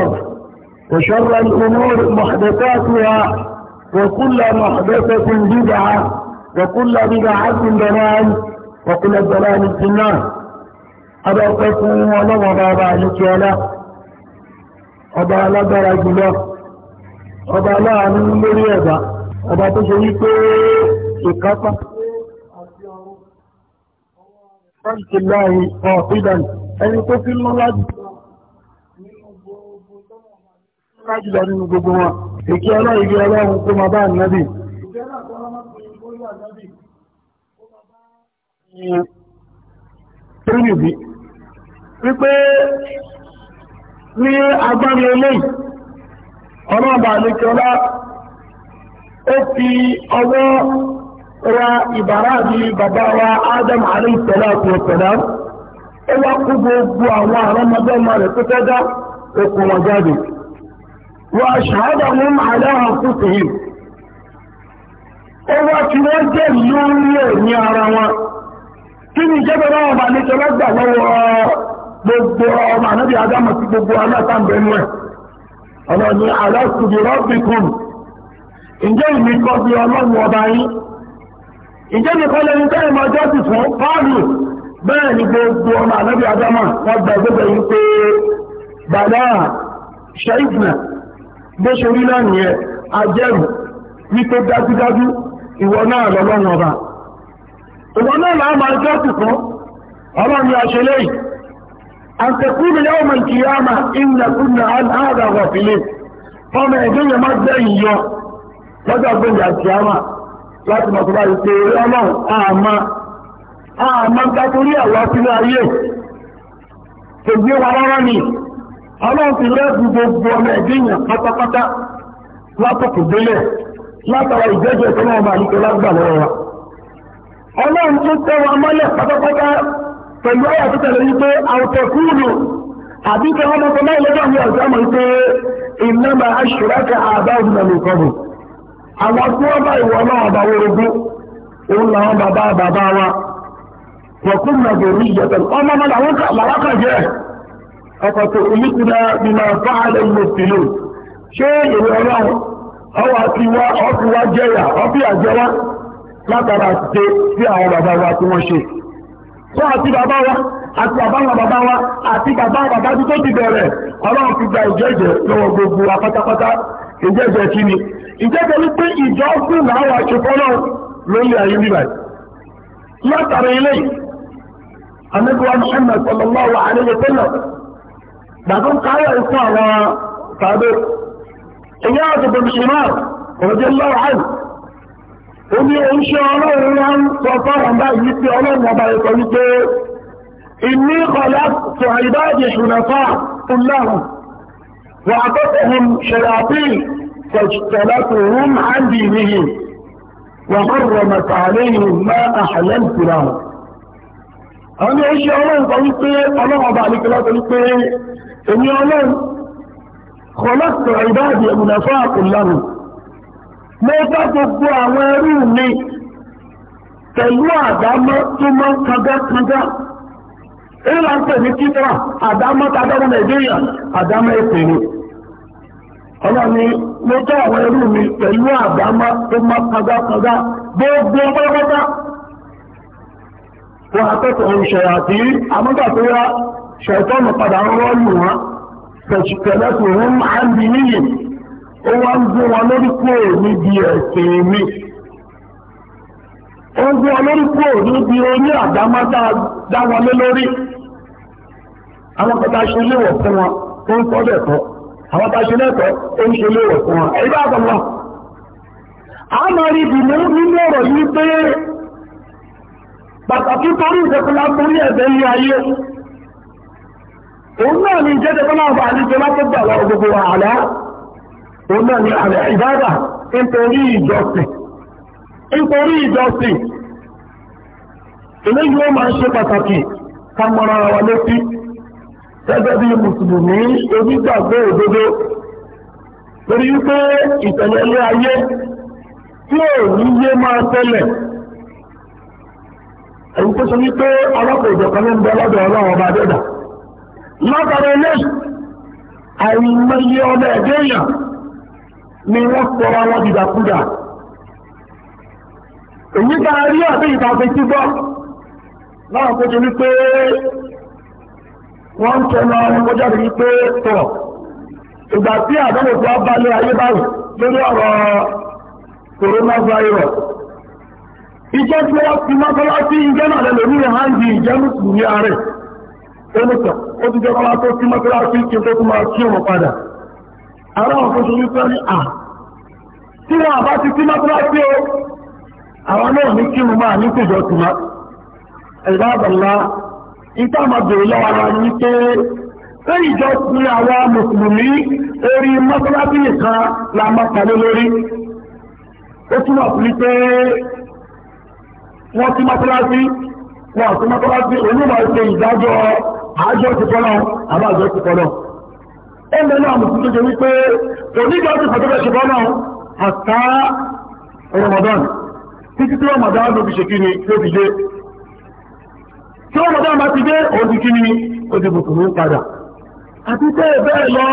الله وشر الأمور محدثاتها وكل محدثة بدعة وكل بدعة ضلال وكل ضلال في النار أبقكم ولو ذلك لكيالا أبا لدرا له أبا لا من مريضة أبا تشريك إكافة خلق الله قاطبا أن يكفي الله lájùlọ nínú gbogbo wọn ibi kó máa bá ànábì tírìbì wípé ní agbára eléyìí ọlọ́ọ̀bà àlejòlá ó fi ọwọ́ ra ìbára àbí bàbá wa Adam ó wá kú gbogbo àwọn àrọ́mọdé ọmọ rẹ̀ dá okùn wọn jáde. وأشهدهم على أنفسهم هو تنزل يومي يا روى كم جبل أبا لتلقى هو gbogbo ọmọ ànábì adámọ̀ sí gbogbo alátàmbẹ̀nú ẹ̀ ọ̀nà ni ala rọ́bìkùn ǹjẹ́ ìmí kọ́ bí ọlọ́run ọba yín ǹjẹ́ mi kọ́ lẹ́yìn tẹ́lẹ̀ máa jọ́sì fún pọ́ọ̀lù bẹ́ẹ̀ ni gbogbo ọmọ adámọ̀ wọ́n gbogbo yín pé bàdá bó ṣe rí náà nìyẹn ajẹ́rù wípé dájúdájú ìwọ náà lọ́lọ́run ọba ìwọ náà làá máa jọ́sìn fún ọlọ́run àṣẹ lẹ́yìn àtẹ̀kùnrin yóò mọ̀ ìkìyàmà ìnàkùnà àdàwọ̀ fìlẹ̀ ọmọ ẹ̀dẹ́ yẹn má jẹ́ ìyọ lọ́jọ́ gbẹ̀yìn àkìyàmà láti mọ̀ tó bá yìí pé ọlọ́run àmà àmà ń ta torí àwọn afílẹ̀ ayé kò gbé wa rárá ni ọlọ́run ti lẹ́bùn gbogbo ọmọ ẹ̀dínyàn pátápátá látòkù délẹ̀ látara ìjẹ́jẹ́ tó náà máa lágbà lọ́wọ́ wa. ọlọ́run tó tẹ́ wa mọ́lẹ̀ pátápátá pẹ̀lú ọ̀yà tó tẹ̀lé wípé àwòtẹ́kùnù àbí tẹ wọn mọ́tọ́ náà lọ́jọ́ àwọn ọ̀sẹ̀ àmọ́ wípé iná máa aṣùrákà àbá òdùnà àwọn tí wọ́n bá ìwọ òun làwọn bàbá ọkọ̀tọ̀ olùkúnlá bí máa ṣé èrè ọlọ́run ọwọ́ àti wá ọ́fí wá jẹ́yà ọ́fí àjẹwá látara àtìṣe sí àwọn bàbá wa tí wọ́n ṣe àti bàbá wa àti bàbá wa bàbá wa àti bàbá bàbá tó ti bẹ̀rẹ̀ ọlọ́run fi gba ìjẹ́jẹ́ lọ́wọ́ gbogbo wa pátápátá ìjẹ́jẹ́ kí ni ìjẹ́jẹ́ lórí ayé látara ilé بعدين تعالى إسمعنا صادق إياد بن شمار رضي الله عنه قل إن شاء الله ان صفار عن بقى يتبع علم وبقى يطلق إني خلقت عبادي حنفاء كلهم وأعطتهم شياطين فاجتلتهم عن دينهم وحرمت عليهم ما أحلمت لهم àwọn isi oṣù ọlọ́run kan wípé ọlọ́run ọba àlejò lọ́tọ̀ wípé èmi ọlọ́run kọlọ́tọ̀ ìbáàdì àkùnlánù mo bá gbogbo àwọn ẹrú mi pẹ̀lú àdámọ́ tó èyí là ń pè ní kíkọ́ àdámọ́ nàìjíríà àdámọ́ ọlọ́run ni mo tọ́ gbogbo pátápátá wọn akẹ́kọ̀ọ́ ìṣẹ̀yà tí amúgbà tó yá ṣẹ̀tọ́nù padà ń rọ́ọ̀lù wọn fẹ̀sùkẹ̀lẹ́kù wọn máa ń bi níyì ó wá ń gún wọn lórí kúrò níbi ẹ̀sìn mi ó ń gún wọn lórí kúrò níbi orí àdámá dá wọn lé lórí àwọn kẹta ṣe léwọ̀ fún wọn ó ń kọ́ lẹ́kọ̀ọ́ àwọn kẹta ṣe lẹ́kọ̀ọ́ ó ń ṣe léwọ̀ fún wọn ẹ̀yìn bá àgbà wọn. a máa rí ìdùnnú nínú ọ̀rọ̀ yìí pé pàtàkì torí ìṣẹ̀kùnlá torí ẹ̀bẹ̀ ilé ayé òun náà ni jẹ́ tẹ́kọ́ náà bá àlejò látọ́gbà lọ gbogbo àlá òun náà ni àlẹ́ ìbádà nítorí ìjọsìn nítorí ìjọsìn eléyìí ó máa ń ṣe pàtàkì ká mọ́ra wa létí gẹ́gẹ́ bí mùsùlùmí onígbàgbọ́ òdodo torí wípé ìtẹ̀lẹ́lé ayé tí ò ní yé máa tẹ́lẹ̀ èyí tó sọ wípé ọlọ́pàá ìjọba ló ń bẹ lọ́dọ̀ ọlọ́run ọba dẹ́dà látara eléyìí àìmọye ọmọ ẹ̀dẹ́ èèyàn ni wọ́n sọra wọn dìdàkudà èyí bá rí àbí ìtàgbé tí gbọ́ láwọn tó ti wípé wọ́n ń tẹnu ọmọ ọmọ jáde wípé tọ̀ ìgbà tí àdánwò tó wá bá lé ayé báyìí lórí ọ̀rọ̀ coronavirus ìjọ tí wọ́n fi mọ́kọ́lásí ìjẹ́ náà lẹ́lẹ̀ ní ìháǹdì ìjẹ́ mùsùlùmí ààrẹ ẹnùtọ̀ ó ti jọba tó fi mọ́kọ́lásí kí n tó tún máa kí ọmọ padà ara wọn tó ṣe wípé ní à tí wọn bá ti fi mọ́kọ́lásí o àwọn náà ní kí wọn máa ní kòjọ tì má ẹ̀dá àbàlá ìta máa bèrè lọ́wọ́ ara ní pé ṣé ìjọ ti àwọn mùsùlùmí orí mọ́kọ́lásí nìkan la máa tàlé lórí ó túmọ̀ sí pé wọ́n ti mọ́tọ́lásí wọ́n ti mọ́tọ́lásí onímọ̀ ṣe ìdájọ́ àjọ ti kọ́ náà àbájọ ti kọ́ náà. ó lè náà mùsùlùmí tó jẹ wípé oníjọ́ ti fàtọ́bẹ̀ ṣe kọ́ náà àtà Ramadan títí tí Ramadan ló fi ṣe kí ni ló fi dé. tí Ramadan bá ti dé òun ti kí ni ó ti bùkún ní padà. àti bẹ́ẹ̀ bẹ́ẹ̀ lọ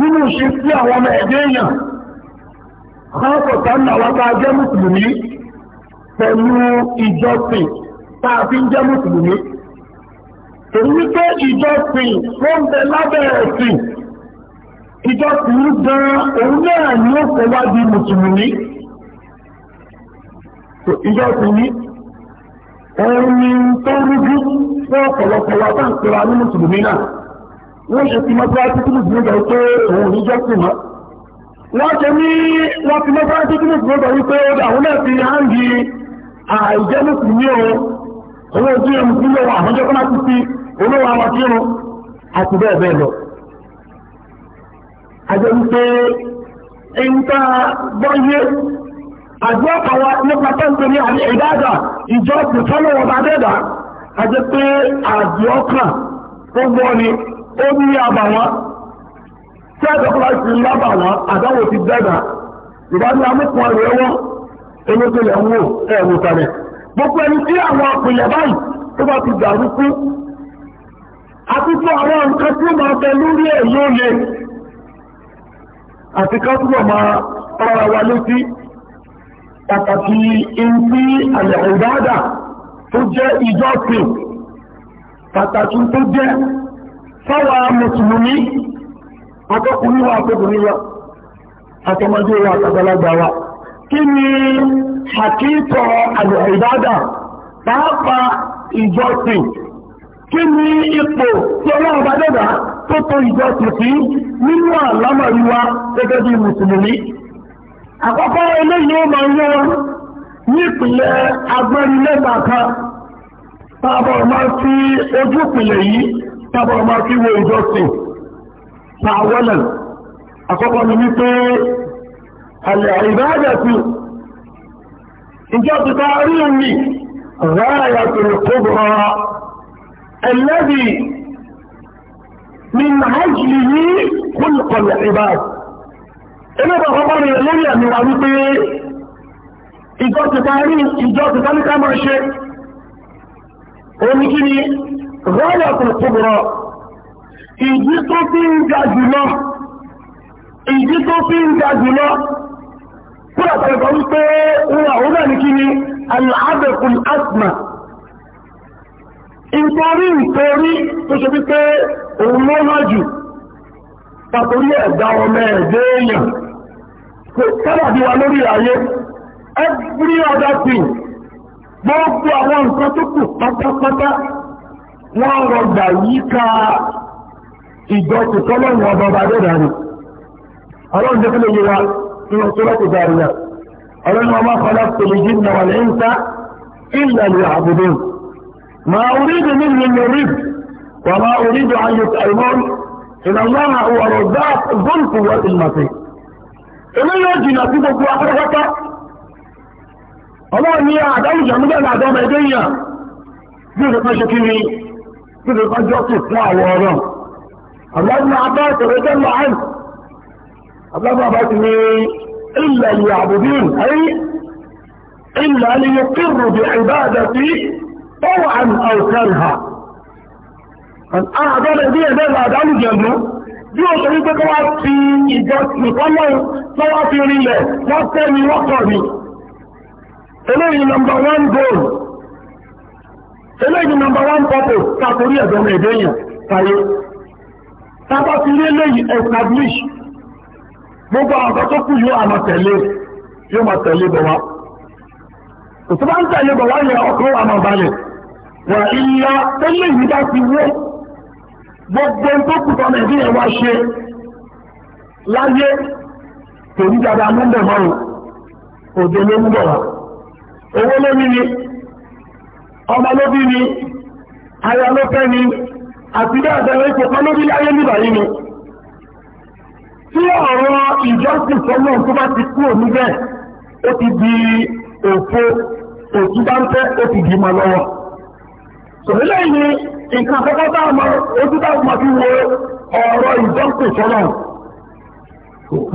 nínú ìṣe sí àwọn ọmọ ẹ̀dẹ́ èèyàn. àwọn kọ̀ọ̀tà ń pẹ̀lú ìjọsìn tá a fi ń jẹ́ mùsùlùmí. Èyí wípé ìjọsìn ló ń bẹ lábẹ́ ẹ̀sìn. Ìjọsìn gan-an òun náà ni ó fẹ́ wá di mùsùlùmí. Ìjọsìn ní òun ni tó rújú fún ọ̀pọ̀lọpọ̀ wa bá ń pera ní mùsùlùmí náà. Wọ́n ṣe ti mọ́tíráṣí tí mùsùlùmí gbà pé òun ò ní jọ́sìn mọ́. Wọ́n ṣe ní wọ́n ti mọ́tíráṣí tí mùsùlùmí gbà wípé ó dà òun náà fi hàn yìí àìjẹ́ mùsùlùmí o owó tí o mùsùlùmí o àmọ́jọ́ kọ́lá ti fi olówó àwọn tí àti bẹ́ẹ̀ bẹ́ẹ̀ lọ. àjẹ́ wípé a àjọ nípa ní ìdájà ìjọ ti fọ́lọ́ wọn dẹ́dà àjẹ́ pé àjọ ọkàn ó gbọ́ ni ó ní àbàwọ́n tí àjọ kọ́lá ti ń olóògbé lẹ̀ ń wò ẹ̀ wò kalẹ̀ gbogbo ẹni tí àwọn ọkùnrin báyìí tó bá ti dàrú kú àti fún àwọn nǹkan tí ó máa bẹ lórí ẹ̀ yóò àti ká túbọ̀ máa rárá wa létí pàtàkì ìntí àlẹ̀ ìbáàdà tó jẹ́ ìjọsìn pàtàkì tó jẹ́ kí ni àkíkọ àlùfẹ́dádà pàápàá ìjọsìn kí ni ipò tí ọlọ́run bá dẹ̀dá tó tó ìjọsìn sí nínú àlámọ̀rí gẹ́gẹ́ bí mùsùlùmí. àkọ́kọ́ eléyìí ó máa ń yọ ní agbẹ́rinlẹ́gbà kan tábọ̀ máa fi ojú ìpìlẹ̀ yìí tábọ̀ máa fi wo ìjọsìn. pàwọ́lẹ̀ àkọ́kọ́ ni العبادة إن انجاب تاريني غاية الكبرى الذي من عجله خلق العباد انا ده خبر يلوني إن العبيطي انجاب إن انجاب تاريني كما شيء ومجيني غاية القبرى انجيتو فين جاجنا انجيتو فين جاجنا tí a tẹ̀lé kan pé òun náà ní kí ni aláàbẹ̀kùn asma nítorí nítorí tó ṣe wípé òun ló má jù pàtórí ẹ̀dá ọmọ ẹ̀dẹ́ èèyàn sábàbí wa lórí ayé every other thing gbogbo àwọn nǹkan tó kù pátápátá wọ́n rọgbà yíká ìjọ tòtọ́lọ́run ọba ọba dẹ́dà أرون دخل إلى في سورة دارية أرون وما خلقت الجن والإنس إلا ليعبدون ما أريد منهم من رزق وما أريد أن يسألون إن الله هو الرزاق ذو القوة المتين إن يجي نصيب القوة فرغتا الله أني أعدام جميل الأعدام إيديا جزء قشكيني جزء قشكيني جزء قشكيني الله أعدام الله أعدام رجل الله عنه abúlábà bá ti ní ilẹ̀ ìyà àbùdín ayé ilẹ̀ aliyé kírù bí ìbáàdà sí tọ́wọ́ àmì àwùkárì ha àgbẹ̀rẹ̀ bí ẹ̀bẹ̀ làdánù jẹ̀mú bí o sọ wípé kọ́ wá fi ìjọ nìkanlọ́ tó wá fi rinlẹ̀ wọ́n fẹ́ mi wọ́n kọ̀ mi eléyìí number one goal eléyìí number one purpose káàkiri ẹ̀dọ́mọ̀ tayé tábà fi rí establish gbogbo àwọn ọ̀gá tó kù yóò àmọ̀ tẹ̀lé yóò máa tẹ̀lé bọ̀ wá òtún bá ń tẹ̀lé bọ̀ wá yẹn ọkàn wà máa balẹ̀ wà ìyá tẹ́lẹ̀ yìí bá ti wó gbogbo tó kù tọ́ nàìjíríà wá ṣe láyé kò ní dáadáa mọ́ o òde ló ń bọ̀ wá owó ló ní ni ọmọ ló bí ni aya ló fẹ́ ni àti bẹ́ẹ̀ bẹ́ẹ̀ ipò ló bí láyé nígbà yìí ni tí ọ̀rọ̀ ìjọsìn fọlọ́ tó bá ti kúrò níbẹ̀ ó ti di òfo òtún bá ń fẹ́ ó ti di máa lọ́wọ́. sòrílẹ̀ ni nǹkan àkọ́kọ́ tá a mọ ojú tá a mọ fi wo ọ̀rọ̀ ìjọsìn fọlọ́.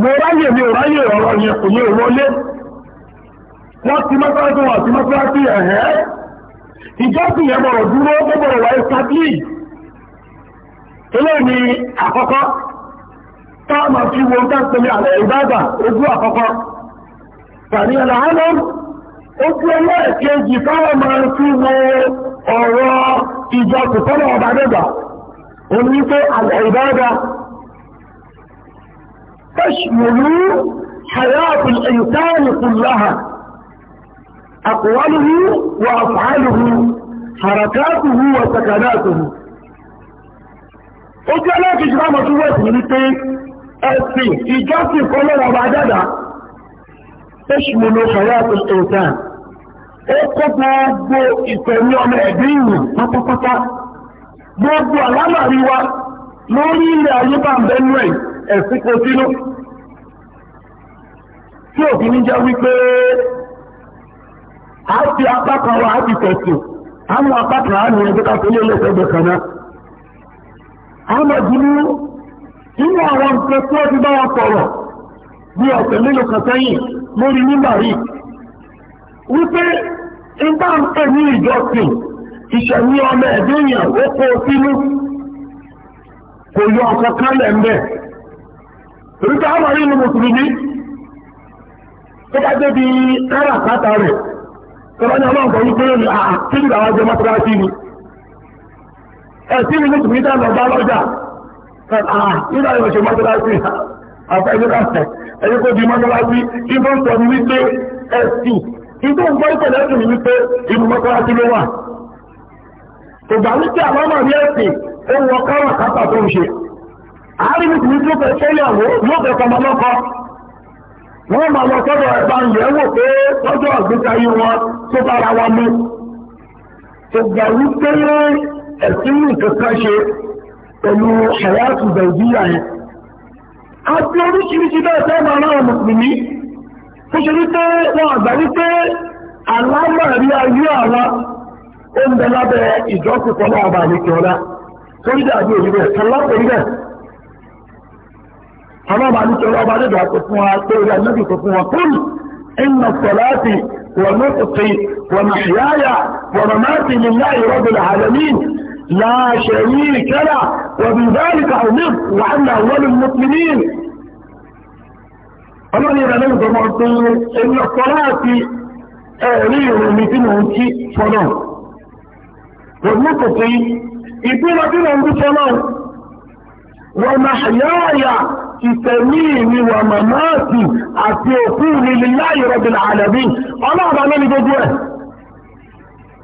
mo ráyè mi ò ráyè ọ̀rọ̀ yẹn kò yẹ wọlé. wọ́n ti mọ́tíráṣí wọn àti mọ́tíráṣí ẹ̀hẹ́. ìjọsìn yẹn bọ̀rọ̀ dúró ó bọ̀rọ̀ wáyé sábìlì. eléyìí ni àkọ́kọ́ táàmà fi wo ń dáńpẹ̀lẹ̀ àlẹ́ ìbáàbà ojú àkọ́kọ́ tàbí àlàálọ́ ojú ẹlẹ́ẹ̀kejì táwọn máa fi wo ọ̀rọ̀ ìjọ kòtọ́nà ọba dẹ́gbà òun ní pé àlẹ́ ìbáàbà tẹ̀sùmọ̀lú hayatu ìsáàlì kùláhà àkùwálùú wà àfàálùú harakatuhu wà sakanatuhu ojú ẹlẹ́ẹ̀kejì táwọn máa fi wọ́ọ̀sì ní pé ẹ̀sìn ìjọsìn kan lọ́wọ́ ọba dada oṣù ó kó gbogbo ọmọ ẹ̀dín pátápátá gbogbo àlámàrí wa lórí ilẹ̀ ayé bá ń bẹ́ nú ẹ̀ ẹ̀sìn sínú a ti apá kan a ti àwọn apá kan á nínú àwọn nǹkan tí wọ́n ti bá wọn sọ̀rọ̀ bí ọ̀sẹ̀ mélòó kan sẹ́yìn lórí nígbà yìí wípé nígbà ń pè ní ìjọsìn ìṣẹ̀mí ọmọ ẹ̀dẹ́ èèyàn sínú kò yọ ọ̀kan kálẹ̀ ń bẹ̀. torí pé àwọn mùsùlùmí tó bá débi náírà kátà rẹ̀ tó bá ní ọlọ́run kan wípé ni ẹ̀sìn mùsùlùmí lọ bá nígbà yóò ṣe mọ́tọ́láṣí àfẹ́jọ́kàṣẹ́ ẹni kó di mọ́tọ́láṣí tí bó ń sọ ní wípé ẹ̀sì tí tó ń gbọ́ ìpẹ̀lẹ̀ ẹ̀sìn ní wípé inú mọ́tọ́láṣí ló wà kò gbà wípé àmọ́mọ́ ní ẹ̀sìn ó wọ kọ́rọ̀ kápá tó ń ṣe àárín mi kìí tó fẹ́ fẹ́yàwó yóò fẹ́ fọmọ lọ́kọ wọ́n máa lọ sọ́dọ̀ ẹ̀bá ń yẹ̀ wò pé lọ́jọ́ àgbéta yìí wọn tó bára wa mú kò gbà wípé ẹ̀sìn nìkan kan ṣe pẹ̀lú ṣàyàtù bẹ̀rùdíyà yẹn àti oríṣiríṣi bẹ́ẹ̀ tẹ́ máa ráwọn mùsùlùmí tó ṣe wípé wọn àgbà wípé alámọ̀rí ayé àwa ó ń bẹ lábẹ́ ìjọsìnkọ́ náà bá ní kíọ́lá torí dàbí òní bẹ́ẹ̀ kọlá òní bẹ́ẹ̀ àwọn bá ní kíọ́lá ọba dédà tó fún wa pé orí anábì tó fún wa kúrú inna salati wa nusuki wa mahyaya wa mamati lillahi rabbil alamin لا شريك له وبذلك امر وان اول المسلمين قالوا يا بني ادم ان الصلاه اعلي من انت صلاه والنطقي يكون لنا انت صلاه ومحياي في تسميني ومماتي اتوكوني لله رب العالمين الله بعمل بجوه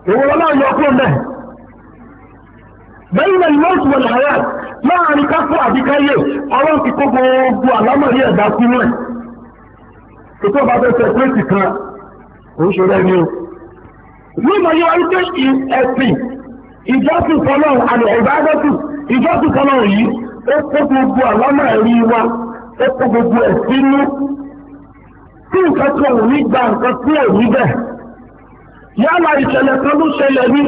هو لا يقول له bẹ́yìn ìlọ́sù wọn làárẹ̀ láàrin káfọ́ àbíkáyè ọlọ́run ti kó gbogbo àlámọ̀rí ẹ̀dá sínú ẹ̀ ètò ọba bẹ́ẹ̀ fẹ́ pẹ́ẹ́sì kan òun ṣe rẹ̀ ni o ní ìmọ̀ yíwa wípé ẹ̀sìn ìjọsìn fọlọ́run àmì ìbádọ́sù ìjọsìn fọlọ́run yìí ó kó gbogbo àlámọ̀rí wa ó kó gbogbo ẹ̀ sínú tí nǹkan tí òun ní gba nǹkan tí òun ní bẹ̀ yálà ìṣẹ̀lẹ̀ kan ló ṣẹlẹ̀ ní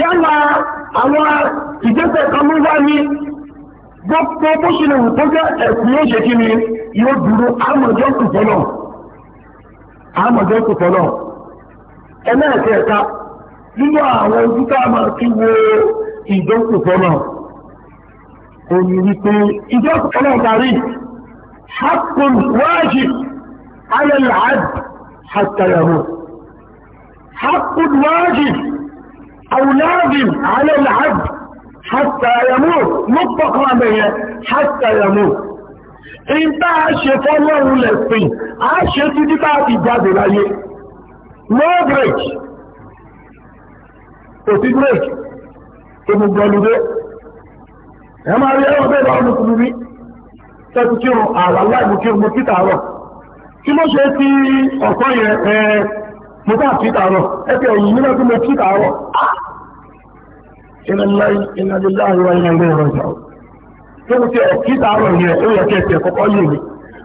yálà àwọn ìgbésẹ̀ kan ló wá ní gbogbo bó ṣe lè wù tó jẹ́ ẹ̀sìn yóò ṣe kí ni yóò dúró àmọ̀jọ́ kù fọ́lọ̀ àmọ̀jọ́ kù fọ́lọ̀ ẹlẹ́ẹ̀kẹta nínú àwọn ojú tá a máa ti wo ìjọ́kù fọ́lọ̀ ó ní wípé ìjọ́kù fọ́lọ̀ parí hakun wájib alẹ́ làádì àtàyàwó hakun أو لازم على العبد حتى يموت مطلقا به حتى يموت ìta ṣe fọ́lọ́run lẹ̀sìn a ṣe ti dípá àti jáde láyé no break kò sí break gbogbo ọlùdé ẹ máa rí ẹwọ́n bẹ́ẹ̀ bá ọmọ tuntun bí tẹ́kù kí o àwà láìmú kí o mo títà rọ̀ kí ló ṣe ti ọ̀sán yẹn ẹ mo bá títà rọ̀ ẹ fi ẹ̀yìn nígbà tí mo títà rọ̀ ah iná الله iná ló láàrin wáyé náà lóòrọ̀ ìjà o. tó ń tẹ kí tààrọ̀ yẹn ó yẹ kí ẹsẹ̀ kọ́kọ́ yé mi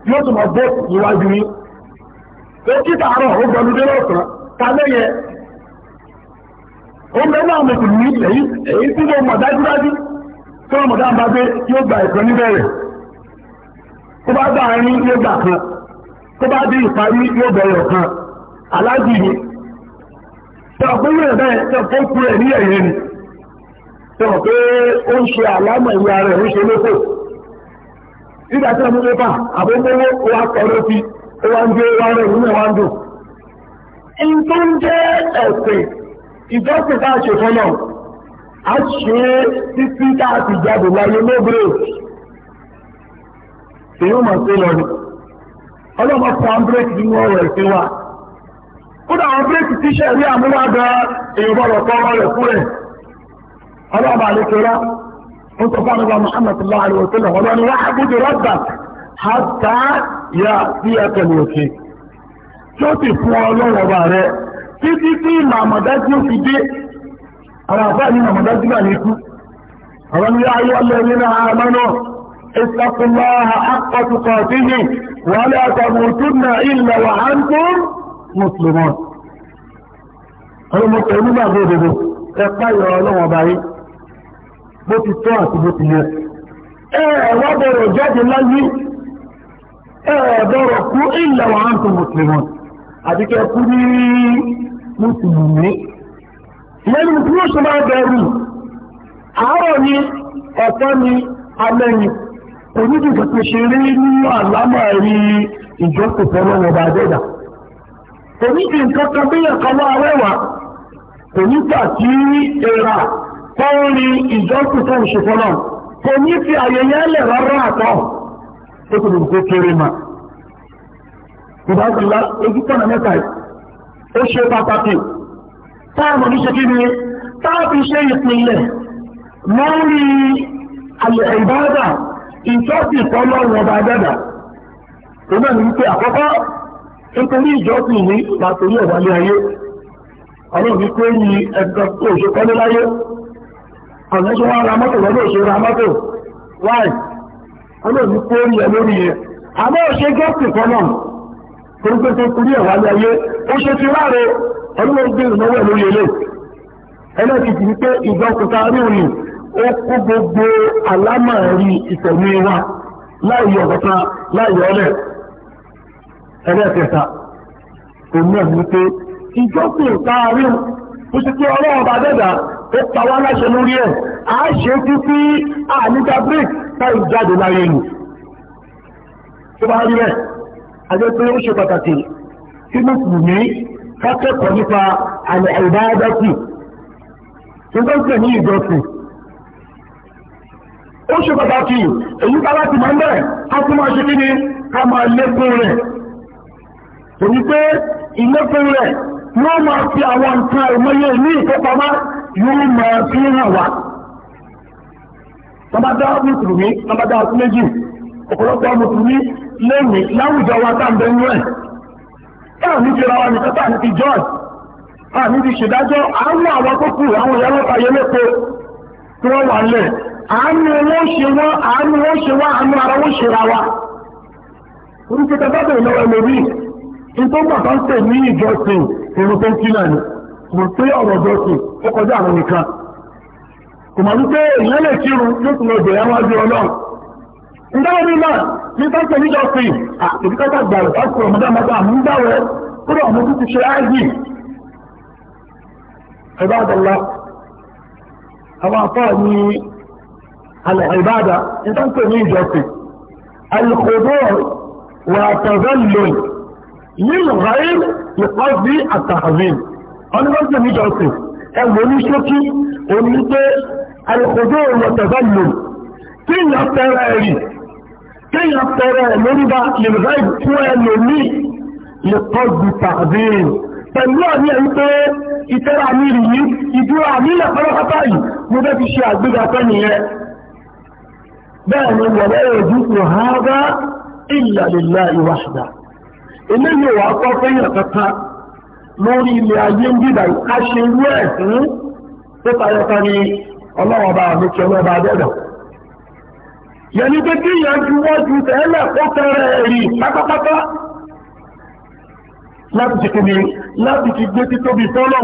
yóò tún máa bọ́ níwájú mi. tó kí tààrọ̀ ó gbọ́dún dé lọ́sàn-án ta lẹ́yẹ. ó ń bẹ náà mo sì ní èyí èyí tí mo mọ̀ dájúdájú tó mọ̀ dáa dé yóò gba ìkan níbẹ̀rẹ̀. tó bá gbà àárín yóò gbà kan tó bá dé ìparí yóò bẹ̀rẹ̀ kan aláàjì ni. tẹ̀ ọ̀pọ̀ ìrẹ̀ bẹ́ẹ̀ tẹ̀ ọ̀pọ̀ ìkú ní ẹ̀yẹ ni tẹ̀wọ̀n pé ó ń ṣe àlámọ̀ ìwé ara ẹ̀ ń ṣe lóko nígbà tí ọmọ pépà àbómọ́wó ó wá tọ́ lóti ó wá ń gbé wá rẹ̀ nínú ẹ̀wá ń dùn. ẹni tó ń jẹ́ ẹ̀sẹ̀ ìjọsìn tá a ṣe fọ́nà a ṣe é títí tá a ti jáde láyé lóbìrè èyí ó máa ṣe lọ ni ọlọ́mọ fún àmbúrẹ́kì nínú ọ̀rọ̀ ẹ̀sìn wa kódà àmbúrẹ́kì tíṣẹ̀ rí àmúwádọ́ èèyàn bọ̀rọ̀ kọ́ ọ̀rọ̀ rẹ̀ rẹ̀ ọlọ́ọ̀bà àlekèrè ó sọ fún àdúgbò Muhammad sallallahu alayhi wa sallam ọlọ́ni wá àbújù rọ́bà hàtà yà sí ẹ̀kọ́ ní òkè tí ó sì fún ọlọ́run ọba rẹ títí tí màmọ̀dájú fi dé àwọn àfáà ní màmọ̀dájú náà ní ikú àwọn ní ayé ọlọ́run náà amánú ìsàkùnláha àkọ́tùkọ̀ síyìn wà látàmùtúnà ilẹ̀ wà á ń tó mùsùlùmọ́ ọlọ́mọkùnrin nígbàgbọ́ òdòdó ẹ̀pá ìrọ̀ ọlọ́run ọba yìí bó ti tọ́ àti bó ti yẹ. ẹ ẹ wá bọ̀rọ̀ jáde láyé ẹ ẹ bọ̀rọ̀ kú ilẹ̀ wà á ń tó mùsùlùmí àti kẹ kú ní mùsùlùmí. lẹ́nu tí yóò ṣe máa bẹ̀rù àárọ̀ ni ọ̀sán ni alẹ́ ni onídìbò ṣe rí nínú àlámà rí ìjọsìn fọlọ́wọ́ bá dẹ́dà onídìbò nǹkan bí ẹ̀kọ́ máa rẹwà onígbà tí èèrà kọ́rin ní ìjọ́sìn fún ìṣèfọ́nà kò ní fi àyẹyẹ lẹ̀ rárá àtọ́ tó kò lùkó kéré mà. ìbáṣọlá ojú pọ̀nà mẹ́ta ó ṣe pàtàkì táàmù ní ṣe kí ni táàbí ṣe ìpínlẹ̀ lórí àyẹ̀ ìbáàdà ìjọ́sìn fọ́nà wọn bá dàdà. ìgbà ní wípé àkọ́kọ́ nítorí ìjọ́sìn ní látòrí ọ̀dàlẹ́ ayé ọlọ́run ní pé ní ẹ̀ka òṣèkọ́lé láyé ọ̀nà ṣe wọ́n ra mọ́tò lọ́dọ̀ ṣe ra mọ́tò wáì olóòtú kó rí ẹ lórí ẹ àmọ́ ò ṣe gẹ́ẹ̀sì kọ́nà torípé tó kúrí ẹ̀wà ní ayé ó ṣe ti láre ọlọ́run gbé ìnáwó ẹ̀ lórí ilé ẹlẹ́kìtì ní pé ìjọkùta ríòrì ó kó gbogbo àlámọ̀rí ìtẹ̀mí wa láì yọ ọ̀kọ̀ta láì yọ ọlẹ̀ ẹlẹ́kẹta òun náà ní pé ìjọkùta ríòrì ó ṣe ti ọlọ́run bá dẹ́gbàá ó pa wá láṣẹ lórí ẹ̀ a ṣe títí àníta break táì jáde láyé nù tó bá rí rẹ̀ ajẹ́ pé ó ṣe pàtàkì tí mùsùlùmí kákẹ́kọ̀ọ́ nípa àlẹ́ àìdáyádájì tó ń pè ní ìjọsìn ó ṣe pàtàkì èyí bá láti máa ń ni ká máa lékún rẹ̀ torí pé ìlékún rẹ̀ máa fi àwọn nǹkan ní yóò mọ fi hàn wá wọ́n bá dá mùsùlùmí wọ́n bá dá ọtún méjì ọ̀pọ̀lọpọ̀ mùsùlùmí lẹ́yìn láwùjọ wa tá à ń bẹ nínú ẹ̀ táà ní jẹra wa nìkan táà ní ti jọ́ọ̀ táà ní ti ṣèdájọ́ àwọn àwọn tó kù àwọn ìyá lọ́ta yẹlẹ́po tí wọ́n wà lẹ̀ àánú wọn ṣe wọn àánú wọn ṣe wá àánú ara wọn ṣera wa orí kẹta bá bẹ̀rẹ̀ lọ́wọ́ ẹlòmíì nítorí bàbá ń pè ní ìjọsìn èrò tó ń kí náà ni mọ̀ pé ọ̀rọ̀ dọ̀sùn ó kọjá àwọn nìkan kò mọ̀ wípé èèyàn lè kírun yóò tún lọ bẹ̀rẹ̀ wájú ọlọ́run ìdáwọ́ mi náà ní tọ́sẹ̀ níjọ sí àtòkítọ́tà gbàrẹ̀ tọ́sẹ̀ ọmọdé ọmọdé àmúdáwẹ̀ kúrò ọmọ tó ti ṣe áìjì ìbádọ́lá àwọn afọ́ ní alẹ́ìbádà ní tọ́sẹ̀ ní ìjọ sí alìkòdó wà tọ̀zẹ́lò yìí ráyé ìpọ́sí àtàhàzín ọlọ́gbọ́n mi jọ̀sìn ẹ̀wọ̀n ní ṣókí òní pé alùpùpù ìwọ̀tẹ̀fẹ́ lò kéèyàn tẹ̀rẹ̀ ẹ̀rì kéèyàn tẹ̀rẹ̀ ẹ̀ lórí bá yorùbá fún ẹ lòmí lè tọ́jú tàbí pẹ̀lú àmì ẹ̀ pé ìtẹ́ra mi rì yí ìdúrà mi lẹ̀ pátápátá yìí mo fẹ́ fi ṣe àgbéga pẹ́ nìyẹn bẹ́ẹ̀ ni wọ̀lẹ́ lórí ilẹ̀ ayé ń bìbà ká ṣe irú ẹ̀ fún tó tayọ ni ọlọ́wọ́ bá mi kí ọlọ́ba adẹ́dọ̀. yẹni pé kí ìyẹn ju wọ́n ju tẹ́lẹ̀ ó tẹ́rẹ̀ rí pátápátá láti ti kìíní láti ti gbé títóbi tọ́lọ̀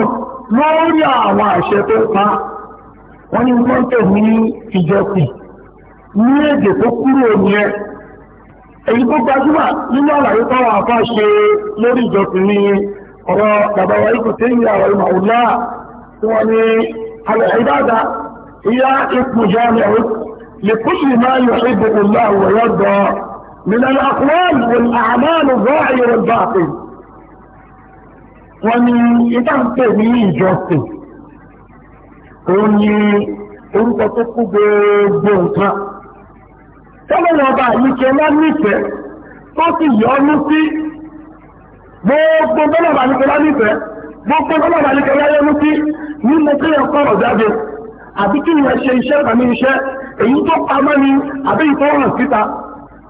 lórí àwọn àṣẹ tó pa wọ́n ní wọ́n ń tẹ̀ ní ìjọsìn ní èdè tó kúrò nìyẹn èyí tó gbajúmọ̀ nínú àlàyé táwọn àfa ṣe lórí ìjọsìn ní ọ̀rọ̀ bàbá wa ikú tí ń yà ọ̀rọ̀ ìmọ̀ọ̀lá tí wọ́n ní alẹ́ ìbáda ìyá ipò jọ́ọ̀nà lè kúṣì máa yọ ìbò ọ̀lá àwòrán dọ̀ من الأقوال والأعمال الظاهرة والباطن wọ́n ní ìdáǹpẹ̀ ní ìjọsìn òun ni orúkọ tó kú gbogbo nǹkan tọ́lọ́wọ́ ọba àyíkẹ́ lọ́nífẹ̀ẹ́ tó sì yọ ọ́ lú gbogbo tọ́lọ̀bà ní kọlá nífẹ̀ẹ́ gbogbo tọ́lọ̀bà ní kọlá yẹ́ mú sí ní mo pé ẹ̀kọ́ ọ̀rọ̀ jáde àti kí ni ẹ̀ṣẹ̀ iṣẹ́ tàbí iṣẹ́ èyí tó pamọ́ ni àbí ìtọ́ ọ̀rọ̀ síta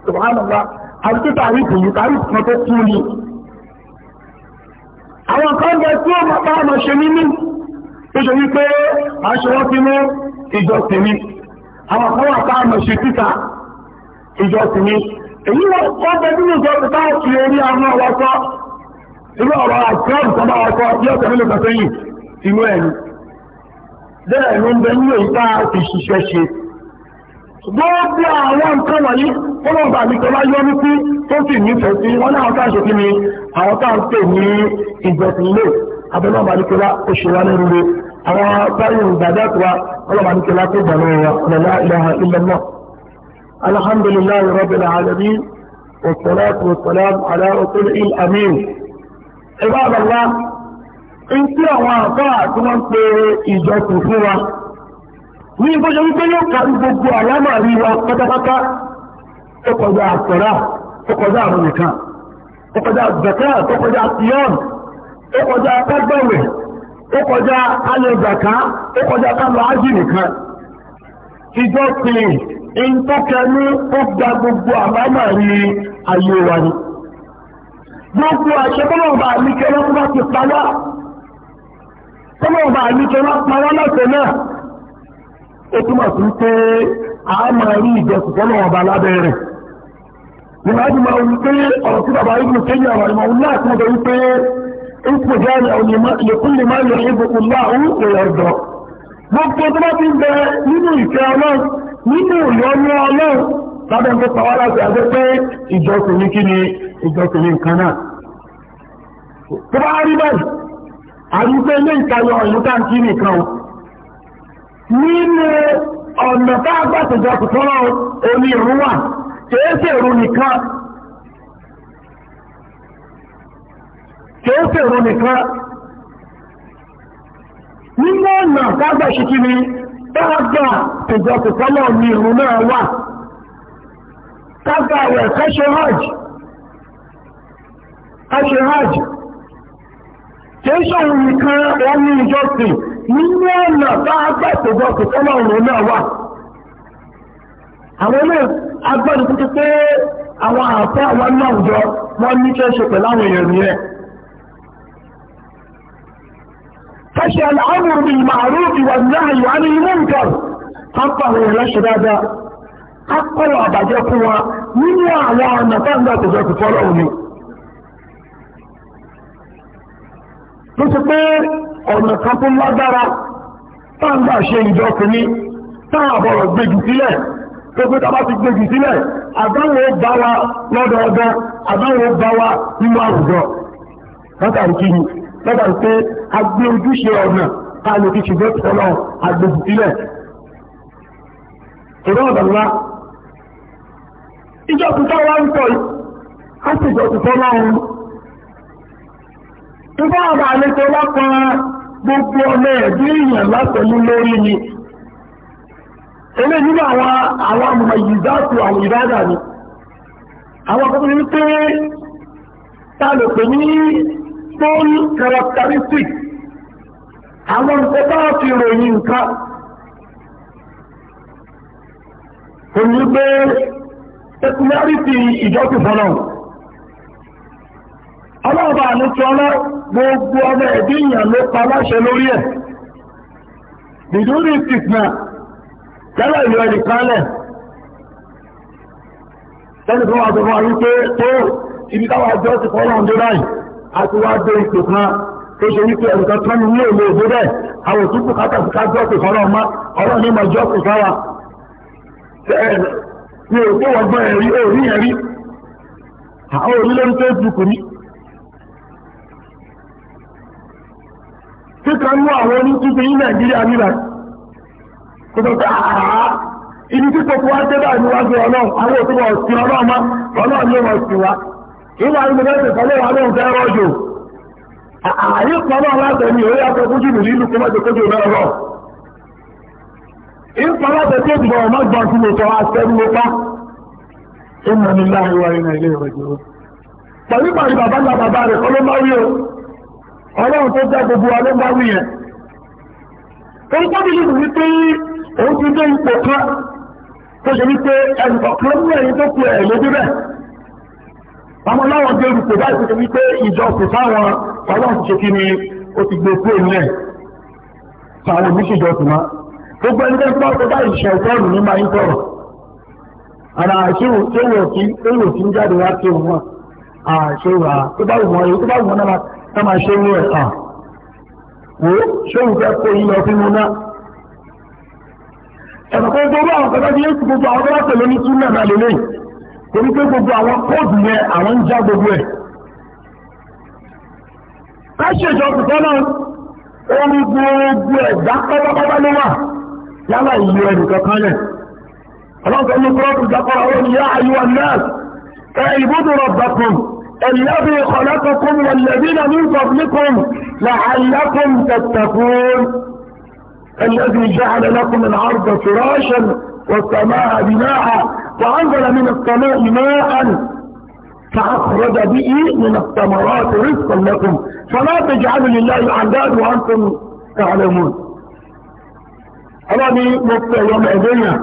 subhanallah àti tó tàrí ìpòyí tàrí ìpòyí tó kú ni. àwọn kan bẹ tí ó máa bá ọmọ ṣe nínú tó ṣe wípé aṣọ wọn ti mú ìjọsìn ni àwọn kan wà bá ọmọ ṣe síta ìjọsìn ni èyí wọn kọ́ bẹ nínú ìjọsìn táwọn fi orí àwọn ọwọ́ sọ irú ọ̀rọ̀ àṣírọ́ọ̀bù sábà ọkọ̀ bí ọ̀sẹ̀ mélòó kan sẹ́yìn inú ẹ̀ ni bẹ́ẹ̀ ló ń bẹ nínú èyí tá a ti ṣiṣẹ́ ṣe gbogbo àwọn nǹkan wọ̀nyí kọ́lọ́ọ̀bà mi tó bá yọ ní sí tó sì nífẹ̀ẹ́ sí wọn láwọn tá à ń ṣe kí ni àwọn tá ń pè ní ìgbẹ̀sìnlẹ̀ abẹ́lọ́ọ̀bà ní kẹlá oṣù wa lẹ́nu re àwọn táyọ̀ ìgbàdá tiwa ọlọ́ọ̀bà ní tó gbà lọ́wọ́ wa la ilaha illallah alhamdulillahi rabbil alamin والصلاة والسلام على رسول الأمين عباد الله ń tí àwọn àfáà tí wọ́n pe ìjọsìn fún wa ní gbogbo àlámà rí wa pátápátá ó kọjá àsọ̀rá ó kọjá àrùn nìkan kọjá zaka ó kọjá siyan ó kọjá kágbẹ̀wẹ̀ ó kọjá alẹ́ zaka kọjá gbogbo àlámà rí ayé wa ni. gbogbo àṣẹ tọ́lọ̀ ọba àlíkẹ́ lọ́wọ́ bá ti pawá tọ́lọ̀ ọba àlíkẹ́ lọ́wọ́ pawá lọ́sẹ̀ náà ó túmọ̀ sí pé a máa rí ìjọsìn tọ́lọ̀ ọba lábẹ́ rẹ̀ nínú àti máa wí pé ọ̀rọ̀ tí bàbá ibùdó kéyìn àwọn ìmọ̀ òun náà tún bẹ wí pé ń pò jáde àwọn ìyẹ̀kún lè máa yọ ìbùkún láàrú ìyọ̀dọ̀ gbogbo tó bá ti ń bẹ nínú ìfẹ́ ọlọ́run nínú ìyọ́nú ọlọ́run lábẹ́ tó pàwọ́ láti àjẹ́ pé ìjọsìn ní kí ni ìjọsìn ní nǹkan náà tó bá rí báyìí àrí pé ilé ìtayọ ìlú táǹkì nìkan nínú ọ̀nà tá a gbà tẹ̀jọ kùtọ́rọ̀ omi ìrún wà kìí ṣèrú nìkan kìí ṣèrú nìkan nínú ọ̀nà tá a gbà ṣe kí ni tá a gbà tẹ̀jọ kùtọ́rọ̀ omi ìrún náà wà kágbà rẹ̀ káṣe hajj káṣe hajj tẹ́sán nìkan wọ́n ní ìjọsìn nínú ọ̀nà bá agbẹ́sọ̀gbọ́ kòtọ́lọ̀ ọ̀rọ̀ náà wà àwọn ilé agbẹ́ni tuntun pé àwọn àfẹ́ àwọn náà jọ wọ́n ní kí ẹ ṣe pẹ̀lú àwọn èèyàn yẹn káṣe àmúrù bíi màrúù ìwà náà ìwà ní ilé nǹkan kápá àwọn èèyàn dáadáa akọ̀wọ̀ àbàjẹ́ fún wa nínú àwọn ọ̀nà táǹdà jẹ́ ti fọ́lọ̀ òní ló ti pé ọ̀nà kan tó lágbára táǹdà ṣe ìjọkùn ní táàbọ̀rọ̀ gbèjì sílẹ̀ tó pé ti gbèjì sílẹ̀ àdáwò bá wa lọ́dọọdọ àdáwò bá wa nínú àwùjọ látàrí kí ni látàrí pé a gbé ojúṣe ọ̀nà fi ṣùgbọ́n ìjọ òkúta wa ń sọ àtìjọ òkúta lọ́run ìfọ́ ọ̀bà àlejò lọ́kàn gbogbo ọmọ ẹ̀dí èèyàn látọ̀lú lórí ni eléyìí nínú àwọn àwọn àmọ̀ ìdáàtò àwọn ìdáàdà ni àwọn akọ́kọ́ pé ta lè pè ní characteristic àwọn nǹkan bá fi ròyìn nǹkan sẹkùlárìtì ìjọsìn fọlọ́ ọlọ́ọ̀bà àlùtọ́lá gbogbo ọmọ ẹ̀dí ìyàn ló pa láṣẹ lórí ẹ̀ bìdúrí ìsìnkà tẹ́lẹ̀ ìlú ẹ̀dì kálẹ̀ tẹ́lẹ̀ tó wà tó wà wípé tó ibi táwà jọ́ ti fọ́lọ́ ọ̀dọ́ láì àti wá dé ipò kan tó ṣe wípé ẹ̀rùkan tán ní ilé ìlú òde bẹ́ẹ̀ àwọn òtún bùkátà sí ká jọ́ ti ọmọ ọlọ́ọ̀ni ní òkú ọgbọ́n ẹ̀rí òrí ẹ̀rí àwọn orílẹ̀-èdè facebook ní kíkanú àwọn onítúnfẹ́ ní nàìjíríà nílà kòtòkà àà ibi tí kòkó wá tẹ́bà níwájú ọlọ́run àwọn òtún wọ̀ sí ọlọ́run má ọlọ́run ló wọ̀ sí wa ìwà ìmọ̀lẹ́sẹ̀ wa alóhùn fẹ́ rọ́jò ààyè kan náà látẹ̀ ní nìlú ìpàlá tẹ̀sí ìgbà ọ̀nà gbà sí lè tọ́ aṣẹ́rú lópa ìmọ̀ ní láàrin wa iná ilé ìrọ̀ jùlọ. pẹ̀lú ìpàdé bàbá ńlá bàbá rẹ̀ kọ́ ló máa wí o ọlọ́run tó jẹ́ gbogbo wa ló máa wí yẹn. òun tó bìlì ní wípé òun ti dé ipò kan tó ṣe wípé ẹnì kọ̀ọ̀kan ní ẹ̀yìn tó ku ẹ̀ lójú bẹ́ẹ̀. àwọn ọlọ́run dé ipò báyìí tó wípé ìjọ kò sáwọn ọlọ́run ti ṣe kí ni ó ti gbé kúrò nílẹ̀ gbogbo ẹni tó ń pọ́ọ̀tọ̀ bá ìṣẹ̀ ìtọ́rù ní máa ń tọ̀rọ̀ ara àṣewò tí ó wọ̀ sí ó wọ̀ sí ń jáde wá sí òun àṣewà tó bá wù wọn tó bá wù wọn náà ká máa ṣe ní ẹ̀ka wò ó ṣéwù fẹ́ kó yín lọ sí mu náà ẹ̀rọ pé gbogbo àwọn kan láti yéésù gbogbo àwọn tó bá tẹ̀lé ní túnmẹ̀ náà lélẹ̀ torí pé gbogbo àwọn kóòdù yẹn àwọn ń já gbogbo ẹ̀ ká ṣèjọ́ kùtọ́ náà ó ní gbogbo ẹ̀dá pátápátá ló wà يا ìlú ẹnì kankan náà ọlọ́sọ تقرؤون يا ايها الناس ní ربكم الذي خلقكم والذين من قبلكم لعلكم تتقون الذي جعل لكم الارض فراشا والسماء بناء وانزل من السماء ماء فأخرج به من الثمرات رزقا لكم فلا تجعلوا لله اعداد وأنتم تعلمون ọlọ́ni mo fẹ́ ọmọ ẹ̀dẹ́ yàn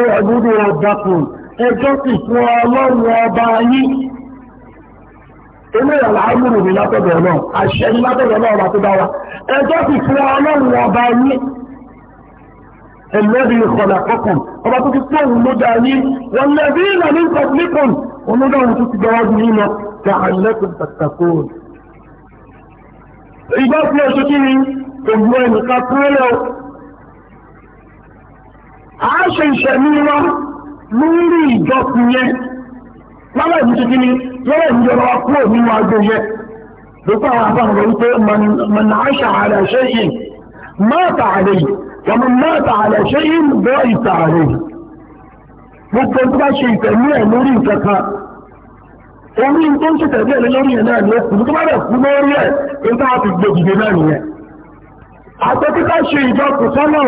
ẹ ọdúnrún ọba kan ẹjọ́ sì fún ọlọ́run ọba yín eléyà làámùrù mi látọ̀dọ̀ ọlọ́run àṣẹ mi látọ̀dọ̀ ọlọ́run àti bá wa ẹjọ́ sì fún ọlọ́run ọba yín ẹlẹ́bí ìkọlà kọkàn ọba tó ti tó òun ló dá yín wọn lẹ́bí ìlànà ìkọ̀ọ̀kùnrin olódàrún tó ti gbọ́wọ́ bí lọ ìgbà tí ẹ kí ni òun ẹnìkan kúrẹ́lẹ́ a ṣe ìṣẹ̀mí wa lórí ìjọsìn yẹn lábẹ́ ìlú tuntun ni lọ́wọ́ ìlú yọrọ wa kúrò nínú agbo yẹn lókọ́ àwọn afáàmù rẹ̀ wípé mọ̀nà àṣà àlẹ́ ṣe yìí mọ́ta àlẹ́ yìí wọ́n mọ́ta àlẹ́ ṣe yìí bọ́ ìta àlẹ́ yìí gbogbo tó bá ṣe ìtẹ̀mí ẹ̀ lórí nǹkan kan orí tó ń ṣe tẹ̀lé ẹ̀ lórí ẹ̀ náà ni ó kù tó kú lórí ẹ̀ nígbà tó gbòdìdè náà nìyẹn àtẹ̀kíkà ṣe ìjọ kò sọ́nà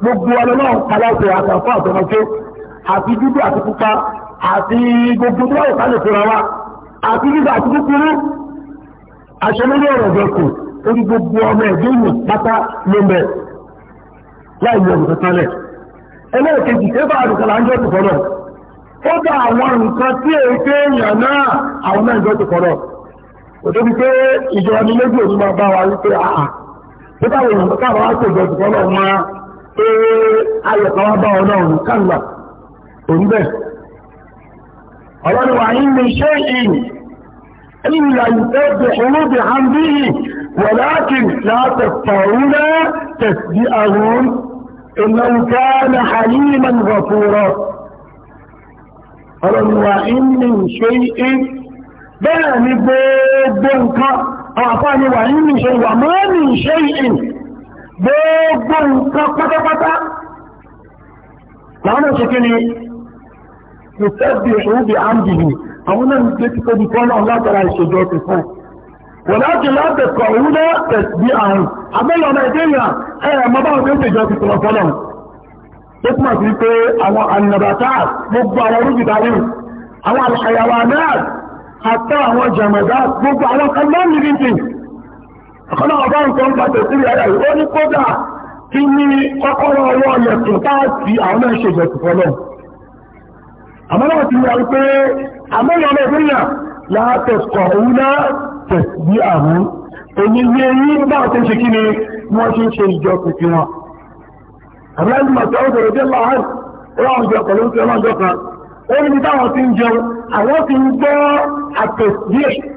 gbogbo ọlọ́run paláṣẹ àtàfà àtọmọṣẹ àti dúdú àti pupa àti gbogbo tó wáyé kálẹ̀ fúnra wa àti gíga àti kúkúrú àṣẹlélé ọ̀rọ̀ ọ̀dọ̀ kù orí gbogbo ọmọ ẹ̀dẹ́ ìlú pátá ló mẹ́ láì lọ nǹkan sálẹ̀ ẹlẹ́ẹ̀kejì ẹ̀fà àdùkàlà ń jẹ́ tìkọ́lọ̀ ó bá àwọn nǹkan tí èké èèyàn náà àwọn náà ń jẹ́ tìkọ́lọ̀ kò débi pé ìjọba ní lójú òní máa bá wa wípé àà tó báwo èèyàn káàbọ̀ wá sí ìjọ tìkọ́lọ̀ máa ee ayọ̀kan wá bá ọlọ́run kàngbà òun bẹ́ẹ̀ إلا يسبحون بحمده ولكن لا تفطرون تسبئهم إنه كان حليما غفورا قالوا وإن من شيء بان بوبنك أعطاني وعين من شيء وما من شيء gbogbo nǹkan pátápátá làwọn oṣù kí ni ìtẹ́bí ìṣòwúbi àmdìhì àwọn náà ń gbé títọ́ di fọ́nà látara ìṣèjọ ti fún wọ̀n láti láti kọ̀ òun náà tẹ̀sí àrùn abẹ́lẹ̀ ọmọ ẹ̀dẹ́ ìyà ẹ̀rẹ̀ mọ́ báwọn tó ń ṣèjọ ti fún fọ́nà tó túmọ̀ sí pé àwọn ànàbàtà gbogbo àwọn orúkìtà rìn àwọn àyàwó náà àtọ́ àwọn jàmọ̀dá gbogbo àwọn kan lọ́nìí ọ̀nà ọ̀bá nǹkan pàtó sí ẹ̀rọ yìí ó ní kódà kí ní kọ́kọ́rọ́ ọwọ́ ọlẹ́kùn káàkiri àwọn náà ṣe ìbẹ̀tù fọlọ́ àmọ́ náà ti yà wípé àmọ́yọ̀ ọmọ ìpínlẹ̀ látẹ̀kọ̀ òun náà tẹ̀sí àrùn èyí ní èyí bá ti ṣe kí ni wọ́n ṣe ń ṣe ìjọ tuntun wọn. àbúrẹ́sì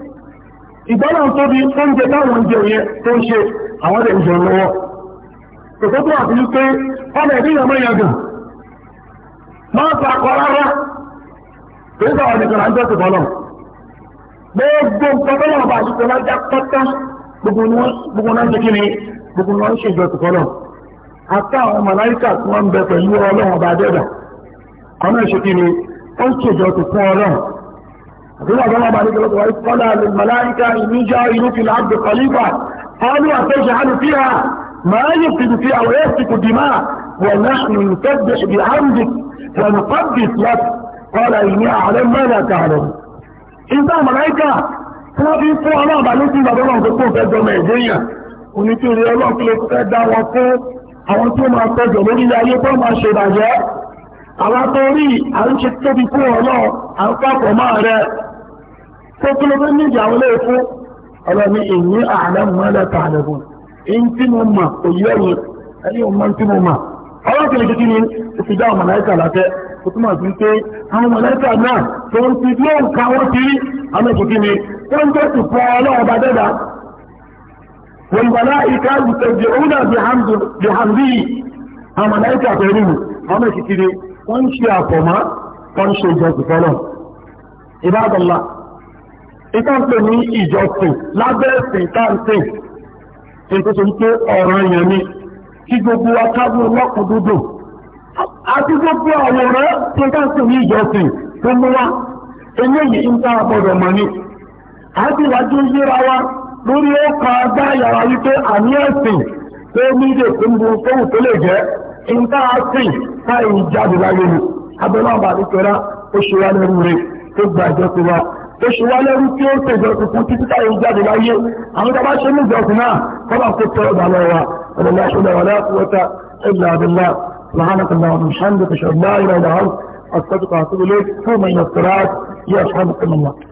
ìgbọ́nà tóbi oúnjẹ táwọn oúnjẹ yẹn tó ń ṣe àwọn ẹ̀dẹ̀ ìjọ lọ́wọ́ kòkó tó wà fún pé ọmọ ẹ̀dí ìyàmọ́ yẹn gùn máa ta akọ rárá kò ní sọ̀rọ̀ nìkan láńjọ́ ti bọ́lọ̀ gbogbo nǹkan tó lọ́wọ́ bá a ṣiṣẹ́ lájá pátá gbogbo náà ṣe kí ni gbogbo náà ṣe ìjọ ti bọ́lọ̀ àti àwọn màláìkà tí wọ́n ń bẹ pẹ̀lú ọlọ́wọ́ bá dẹ́dà ọ̀nà ìṣèkí ni ó ń ṣèjọ ti fún ọlọ́wọ́ nígbà tó lọ́ba ní kẹlọ́tọ̀ wáyé kọ́lá lè màláìka ìníjà ìlú fi láàbù kọlífà fọ́ọ̀lù àtẹ́jì hàn fi hà máa yẹ fi fi àwọn ẹ̀ sì kù dìmá wọ̀ náà nùtẹ́gbẹ̀ ìdí hàmdì wọ̀ nùfàbì lọ́t kọ́lá ìní ààrẹ mẹ́rin àtàrọ̀. ìgbà màláìka tí wọ́n fi ń fún ọlọ́ọ̀bà ní sígbà tó lọ́n tó kó fẹ́ jọmọ ẹ̀dẹ́yà onítorí ọlọ́ọ̀ tó àwọn tó máa tọ́jọ lórí ayé tó máa ṣe ìbàjẹ́ àwọn tó rí à tóbi fún ọlọ́ọ̀ à máa rẹ̀ tó kí ló fẹ́ ní ìyàwó lè fún ọlọ́ni ìní àlẹ́mú ẹlẹ́ta àlẹ́bù ẹni tí mo mà kò yí ẹ̀yìn ẹni ò mọ tí mo mà ọlọ́kìnrin kíkí ni ó fi dá ọmọ láìka látẹ́ ó túmọ̀ sí pé àwọn ọmọ láìka náà tó ń fi ló ń ka wọ́n ti rí àmọ́ kíkí ni wọ́n tó sì fọ ọlọ́wọ́ bá dẹ́dà wọ́n gbà náà ìka ìtẹ̀jẹ̀ òun náà bìhàmdì ìtàǹpẹ̀ ní ìjọsìn lábẹ́ ẹ̀sìn ìtàǹpẹ̀ ìtòsí wípé ọ̀ràn èèyàn ni kí gbogbo akágún ọlọ́kùn dúdú àti gbogbo àwòrán tí ìtàǹpẹ̀ ní ìjọsìn tó mú wá eléyìí ń tá àbọ̀dọ̀ mọ̀ ni àti ìwájú yíra wa lórí ó kan agbá yàrá wípé àmì ẹ̀sìn tó ní ìdè tó ń bu tóhùn tó lè jẹ́ ń tá a sìn táyì jáde láyé ni abẹ́lẹ́ àbàdìkẹ́rá ó ṣe wá lẹ́rú rẹ̀ tó gba ìjọsìn wa tó ṣe wá lẹ́rú tí ó tẹ̀jọ tuntun títí táyé jáde láyé àwọn tàbá ṣe ní ìjọsìn náà kọ́bà kó tẹ ọ̀dà lọ wa ọ̀dà láṣọ lọ wà láti wọ́ta ẹ̀dà àdìlá سبحانك اللهم وبحمدك اشهد ان لا اله الا انت استغفرك واتوب اليك ثم من الصراط يرحمكم الله